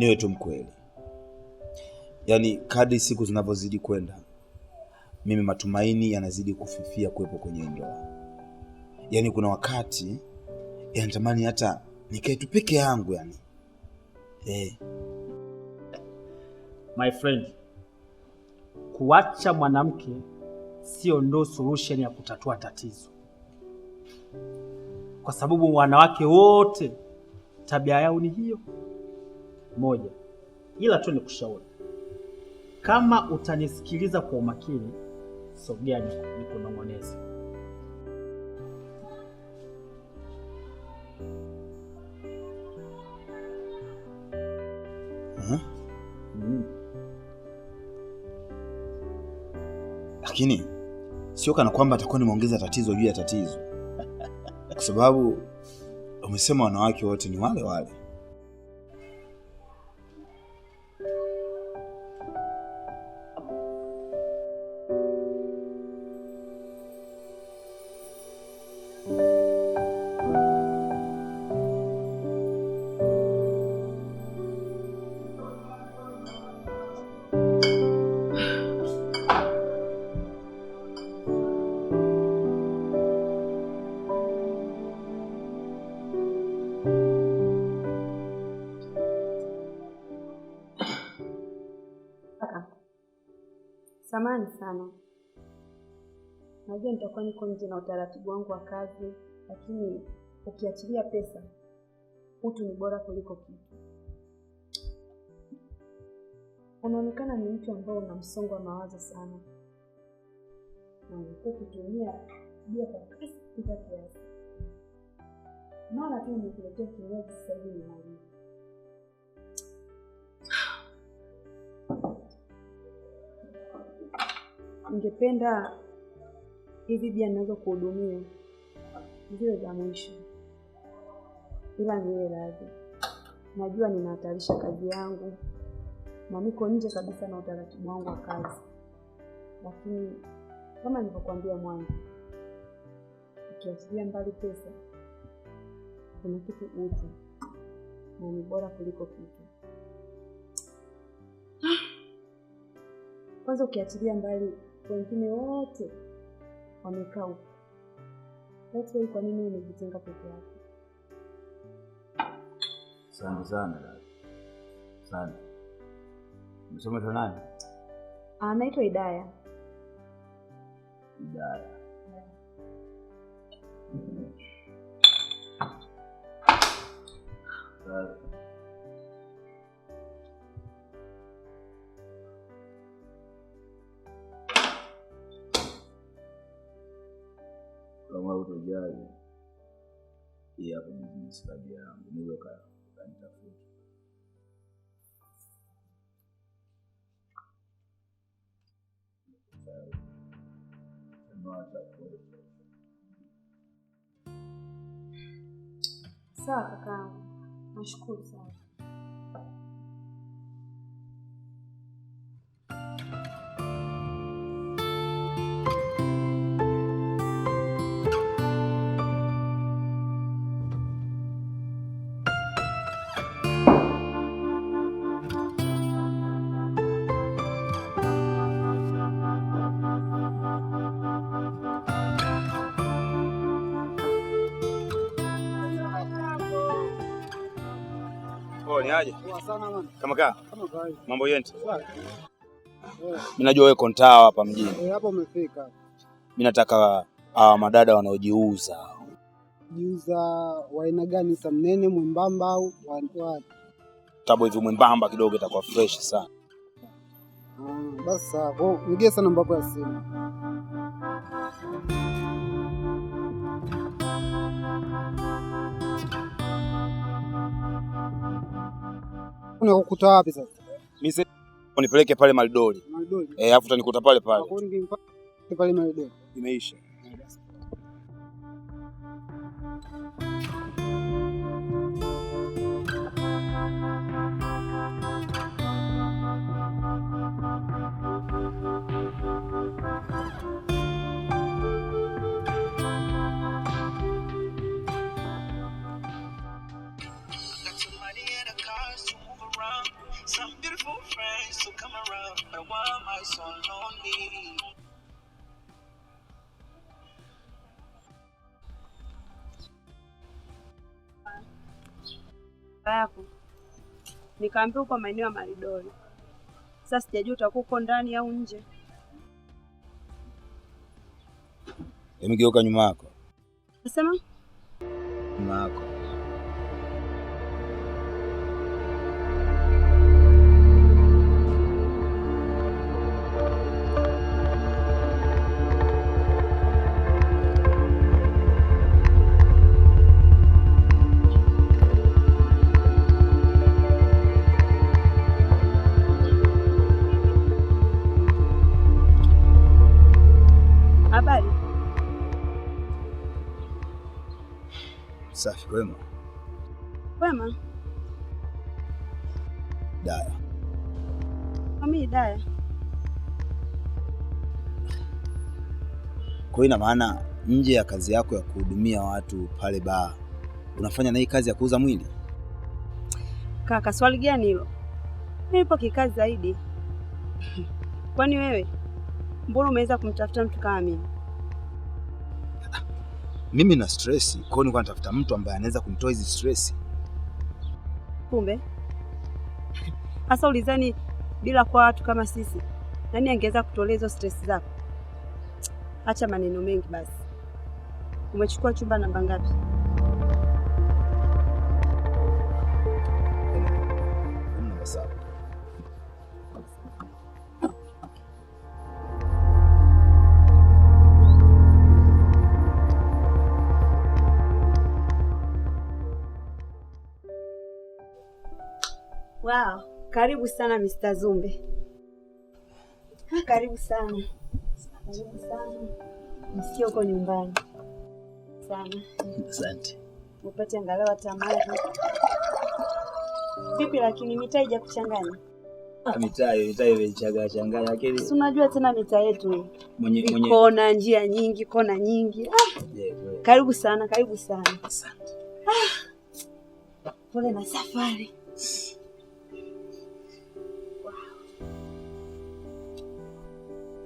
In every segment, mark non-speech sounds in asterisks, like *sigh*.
niwe tu mkweli, yaani kadri siku zinavyozidi kwenda, mimi matumaini yanazidi kufifia kuwepo kwenye ndoa. Yaani kuna wakati yanatamani hata nikae tu peke yangu yani. Eh. My friend, kuacha mwanamke sio ndo solution ya kutatua tatizo, kwa sababu wanawake wote tabia yao ni hiyo moja, ila tu ni kushauri, kama utanisikiliza kwa umakini, sogea nikunong'oneze. Mm. Lakini sio kana kwamba atakuwa nimeongeza tatizo juu ya tatizo, *laughs* kwa sababu umesema wanawake wote ni wale wale. Samahani sana, najua nitakuwa niko nje na utaratibu wangu wa kazi, lakini ukiachilia pesa, utu ni bora kuliko kitu. Unaonekana ni mtu ambaye una msongo wa mawazo sana, na umekuwa kutumia bia kwa kasi kupita kiasi. Mara tu nikuletea kinywaji sasa hivi ningependa hizi bia naweza kuhudumia ziwe za mwisho, ila niwe radhi. Najua ninahatarisha kazi yangu na niko nje kabisa na utaratibu wangu wa kazi, lakini kama nilivyokuambia mwanzo, ukiachilia mbali pesa, kuna kitu utu na ni bora kuliko kitu. *sighs* Kwanza ukiachilia mbali wengine wote wamekaa huko. That's why kwa nini umejitenga peke yako? Asante sana. Asante. Umesoma nani? Anaitwa ah, Idaya. Idaya. Yeah. Mm -hmm. ajali hii hapa business card yangu, unaweza ukanitafuta. Sawa kakaangu, nashukuru sana. Habari aje? Kama kaa. Kama Mambo yenti? Mimi najua wewe kontaa hapa mjini. Eh, hapo umefika. Mimi nataka uh, madada wanaojiuza. Jiuza wa aina gani sasa, mnene mwembamba au wa tabo hivi mwembamba kidogo itakuwa fresh sana. Mm, basi sawa. Nigie sana namba yako ya simu. Unakukuta wapi sasa? Mimi sasa unipeleke pale Maldoli. Maldoli. Eh, afu utanikuta pale pale. Kwa nini pale Maldoli? Imeisha. friends to come around, and why am I so lonely? yako nikaambia uko maeneo ya Maridoli. Sasa sijajua utakuwa uko ndani au nje. Emgeuka nyuma yako, nasema nyuma yako Wema. Wema. Daya. Mami, Daya. Kwa hiyo ina maana nje ya kazi yako ya kuhudumia watu pale baa unafanya na hii kazi ya kuuza mwili? Kaka, swali gani hilo? Nipo kikazi zaidi. *laughs* Kwani wewe mbona umeweza kumtafuta mtu kama mimi? mimi na stress, kwa hiyo nilikuwa natafuta mtu ambaye anaweza kunitoa hizi stress. Kumbe hasa ulizani, bila kwa watu kama sisi nani angeweza kutolea hizo stress zako? Acha maneno mengi basi. Umechukua chumba namba ngapi? Wow, karibu sana Mr. Zumbe. karibu sana, karibu sana, msikie uko nyumbani sana. Asante. Upate angalau hata maji. Vipi lakini mitaa haijakuchanganya? Ah, mitaa mitaa ichaga changanya, lakini si unajua tena mitaa yetu mwenye mwenye kona njia nyingi kona nyingi. Ah. Yeah, yeah. Karibu sana, karibu sana. Asante. Ah. Pole na safari.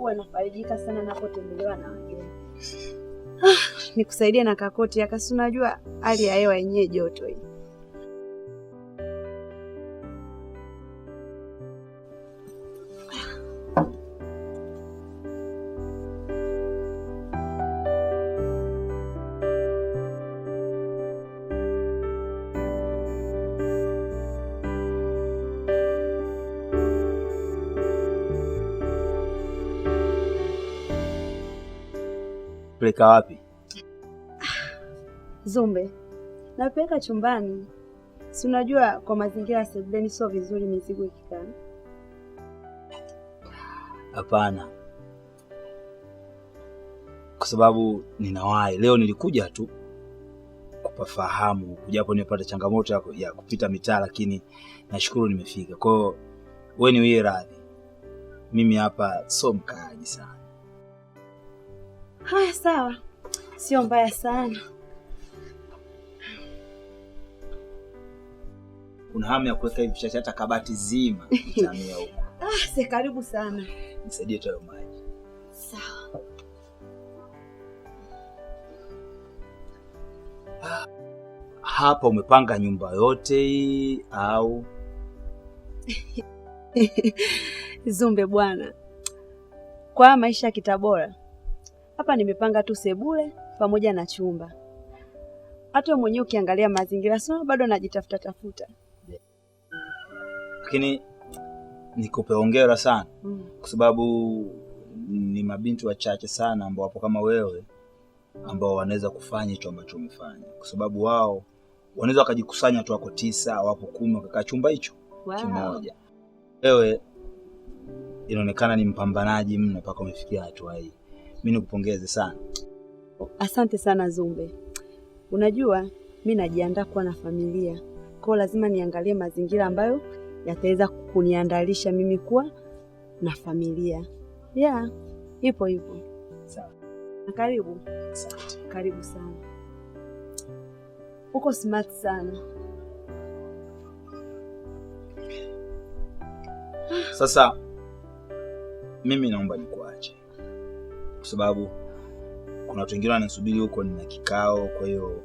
huwa nafaidika sana napotembelewa na wageni. Ah, nikusaidia na kakoti akasi, unajua hali ya hewa yenyewe joto hii. kupeleka wapi? *sighs* Zumbe, napeleka chumbani. Si unajua kwa mazingira ya sebuleni sio vizuri mizigo ikikaa. Hapana, kwa sababu ninawahi. Leo nilikuja tu kupafahamu, kujapo nimepata changamoto ya kupita mitaa, lakini nashukuru nimefika. Kwa hiyo wewe niwie radhi, mimi hapa sio mkaaji sana. Haya, sawa, sio mbaya sana. Kuna hamu ya kuweka hivi vichache, hata kabati zima itamia *laughs* huko. Ah, si karibu sana, nisaidie tu hayo maji. Sawa. hapa umepanga nyumba yote hii au? *laughs* Zumbe bwana, kwa maisha ya kitabora hapa nimepanga tu sebule pamoja na chumba. Hata mwenyewe ukiangalia mazingira, sio bado najitafuta tafuta, lakini nikupe hongera sana mm. kwa sababu ni mabinti wachache sana ambao wapo kama wewe ambao wanaweza kufanya hicho ambacho umefanya, kwa sababu wao wanaweza wakajikusanya watu wako tisa, wapo kumi, wakakaa chumba hicho wow. kimoja. Wewe inaonekana ni mpambanaji mno mpaka umefikia hatua hii mimi nikupongeze sana. Asante sana Zumbe. Unajua mi najiandaa kuwa na familia, kwa lazima niangalie mazingira ambayo yataweza kuniandalisha mimi kuwa na familia. Yeah, ipo hivyo. Sawa. Karibu. Asante. Karibu sana. Uko smart sana. Sasa mimi naomba niku kwa sababu kuna watu wengine wanasubiri huko, nina kikao, kwa hiyo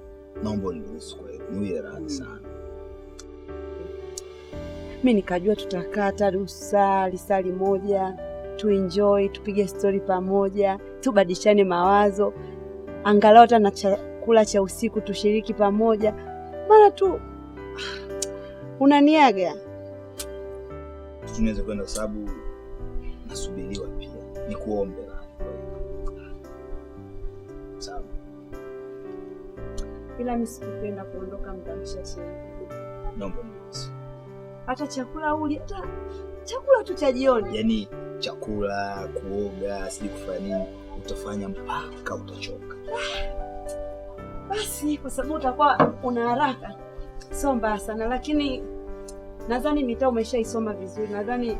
naomba uniruhusu. Kwa hiyo niwe radhi hmm. sana. Mi nikajua tutakaa hata saa lisali moja tuenjoy, tupige stori pamoja, tubadilishane mawazo, angalau hata na chakula cha usiku tushiriki pamoja. Mara tu *sighs* unaniaga, tunaweza kwenda, kwa sababu nasubiriwa pia. Nikuombe ila mimi sikupenda kuondoka muda mchache. Naomba niruhusu hata chakula uli, hata chakula tu cha jioni, yaani chakula, kuoga, sijui kufanya nini, utafanya mpaka utachoka. Basi kwa sababu utakuwa una haraka, sio mbaya sana, lakini nadhani mitaa umeshaisoma vizuri, nadhani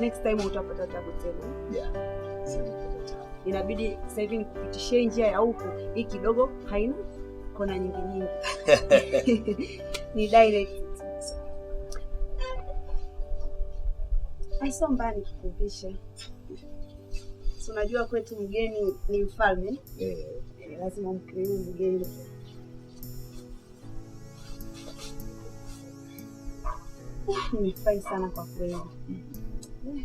next time utapata tabu tena. Yeah. Inabidi sasa hivi nikupitishie njia ya huku, hii kidogo haina kona nyingi nyingi *laughs* ni direct aiso mbaya kikupisha. Unajua kwetu mgeni ni mfalme yeah. Eh, lazima mkirimu mgeni. *sighs* Nimefurahi sana kwa kweli. Mm.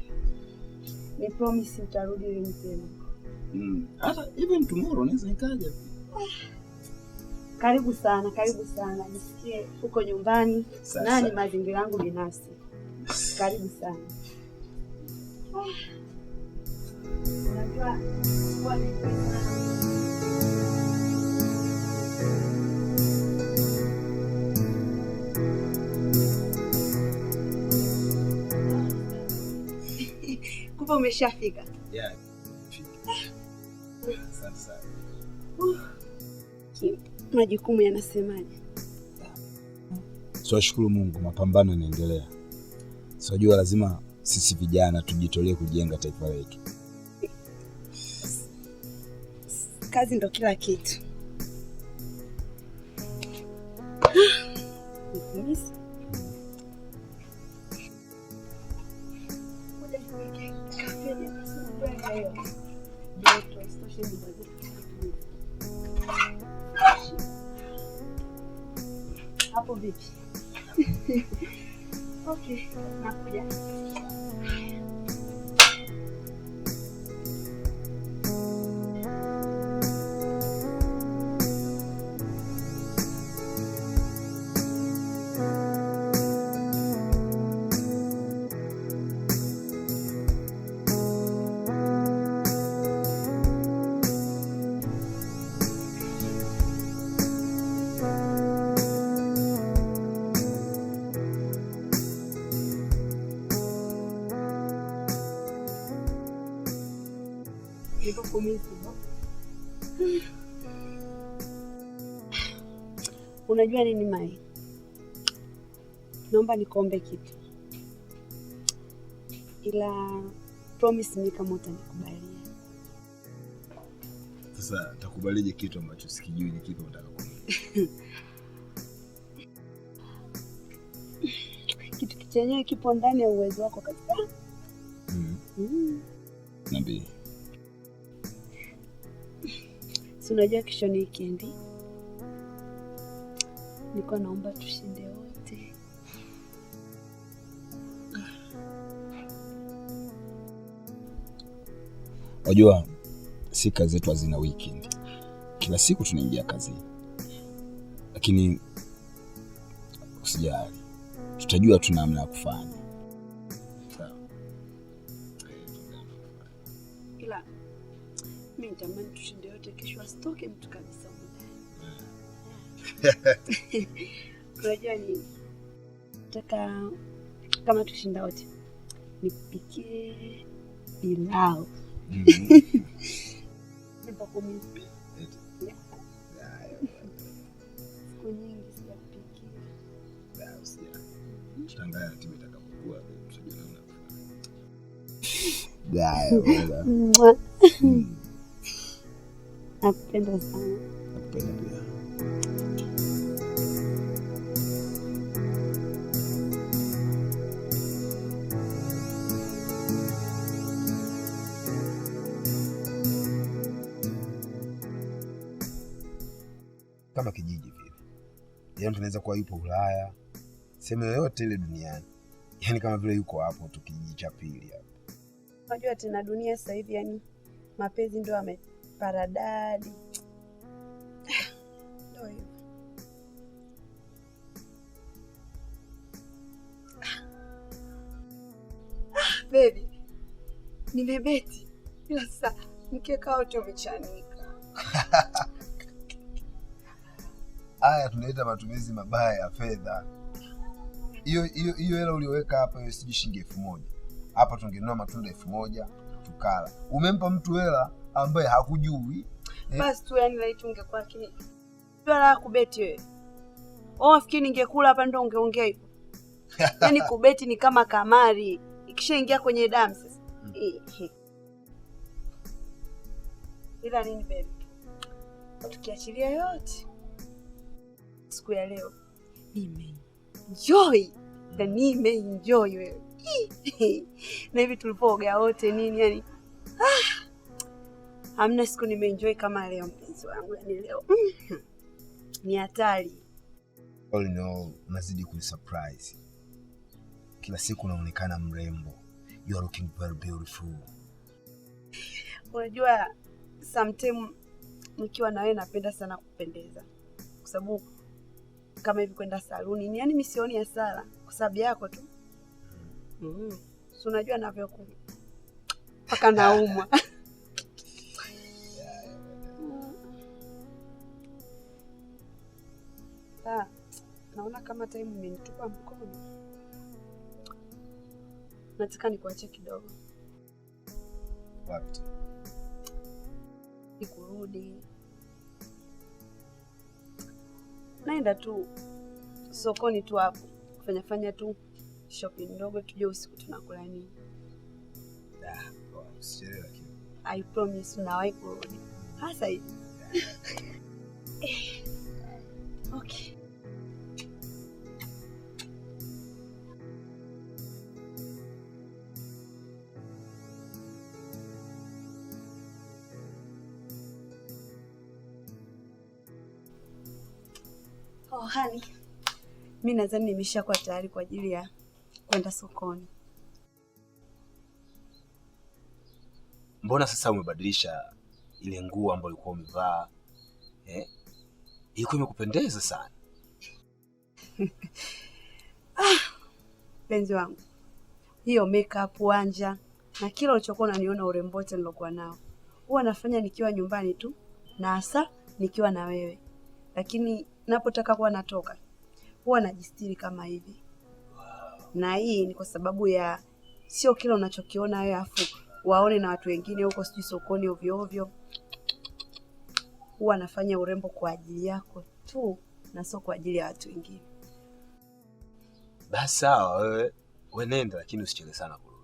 Ni promise utarudi lini tena? Mm. Hata even tomorrow naweza nikaja. *sighs* Karibu sana, karibu sana, nisikie uko nyumbani na ni mazingira yangu binafsi. Karibu sana. Kumbe umeshafika? Yeah. majukumu yanasemaje? So Mungu, mapambano yanaendelea. Sijua so, lazima sisi vijana tujitolee kujenga taifa letu. Kazi ndo kila kitu. kumiziba. *sighs* Unajua nini Mai, naomba nikuombe kitu, ila promise me kama utanikubalia. Sasa takubalije kitu ambacho sikijui ni *laughs* kitu unataka kuniambia? kitu kichenyewe kipo ndani ya uwezo wako kabisa. mm. Mm-hmm. mm. -hmm. Nabii Si unajua kesho ni wikendi, nilikuwa naomba tushinde wote. Wajua si kazi zetu hazina weekend, kila siku tunaingia kazini, lakini usijali, tutajua tuna namna ya kufanya. Ila tushinde kesho asitoke mtu kabisa. *laughs* Unajua ni Nataka kama tushinda wote nipikie pilau mm-hmm. *laughs* siku nyingi sijapikia. Mm-hmm. *laughs* Nakupenda sana. Nakupenda pia. Kama kijiji vile, yaani tunaweza kuwa yupo Ulaya, sehemu yoyote ile duniani, yaani kama vile yuko hapo tu kijiji cha pili hapo. Unajua tena dunia sasa hivi, yani mapenzi ndio ame paradadi ah, Bebi, nimebeti ila sasa mkeka wote umechanika. Haya tunaita matumizi mabaya ya fedha. Hiyo hiyo hela ulioweka hapa hiyo sijui shilingi elfu moja hapa, tungenunua matunda elfu moja tukala. Umempa mtu hela ambaye hakujui eh. Basi tu yani laiti ungekuwa lakini akili. Bila la kubeti wewe. wao oh, unafikiri ningekula hapa ndio ungeongea hivyo? *laughs* yani kubeti ni kama kamari ikishaingia kwenye damu sasa. Hmm. Eh, eh. Ila nini bebe Tukiachilia yote siku ya leo nimeenjoy na nimeenjoy wewe na hivi tulipooga wote nini yani ah. Hamna siku nimeenjoy kama leo mpenzi wangu, yani leo mm-hmm. ni hatari. All in all, unazidi kuni surprise. Kila siku unaonekana mrembo. You are looking very beautiful. Unajua sometime nikiwa na wewe napenda sana kupendeza, kwa sababu kama hivi kwenda saluni, yani misioni ya sala kwa sababu yako tu. Mm. Mm-hmm. Si unajua navyoku mpaka naumwa *laughs* kama time umenitupa mkono, nataka nikuache kidogo. Wapi? Nikurudi, naenda tu sokoni tu hapo fanya tu shopping ndogo, tujue usiku tunakula nini. Ah, I promise unawahi kurudi hasa hivi. *laughs* Okay. Mahani, mi nadhani nimeshakuwa tayari kwa ajili ya kwenda sokoni. Mbona sasa umebadilisha ile nguo ambayo ulikuwa umevaa eh? Ilikuwa imekupendeza sana. *laughs* Ah, mpenzi wangu, hiyo makeup wanja na kila ulichokuwa unaniona urembo wote nilokuwa nao huwa nafanya nikiwa nyumbani tu, na hasa nikiwa na wewe, lakini napotaka kuwa natoka huwa najistiri kama hivi, na hii ni kwa sababu ya sio kila unachokiona wewe afu waone na watu wengine huko, sijui sokoni ovyo ovyo. Huwa anafanya urembo kwa ajili yako tu na sio kwa ajili ya watu wengine. Basi sawa, wewe wenenda, lakini usichele sana.